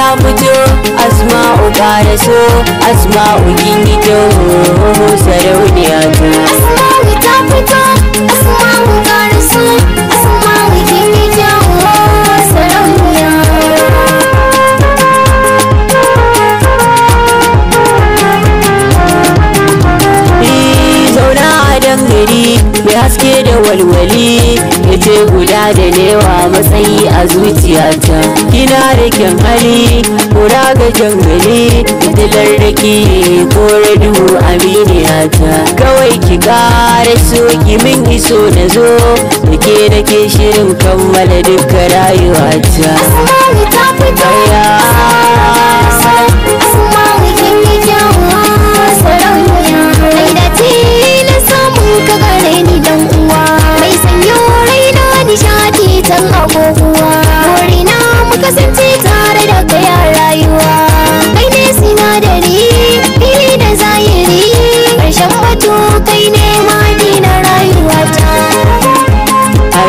ta fito asma'u so asma'u gingito sarauniya to haske da walwali ita guda da lewa matsayi a zuciyata kina da kyan hali kura ga jangali fitilar da ko kore duhu aminiyata kawai ki kare so ki min iso na zo da ke da ke shirin kammala duka rayuwata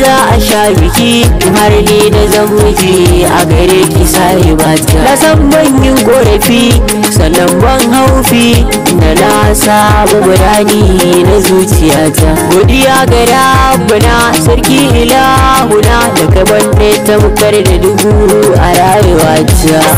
za a sha biki har ni da zamuji a gare ki sai bata na san ban yin korafi sannan ban haufi na na sa burani na zuciyata godiya ga rabbana sarki ilahuna da gaban ne tamkar da dubu a rayuwata ta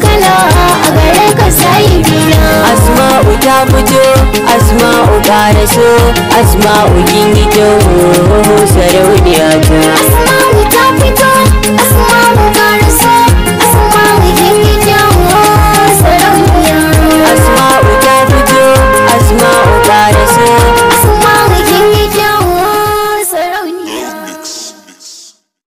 kala a gare ka sayi dina asma'u ta fito asma'u gara so asma'u kin yi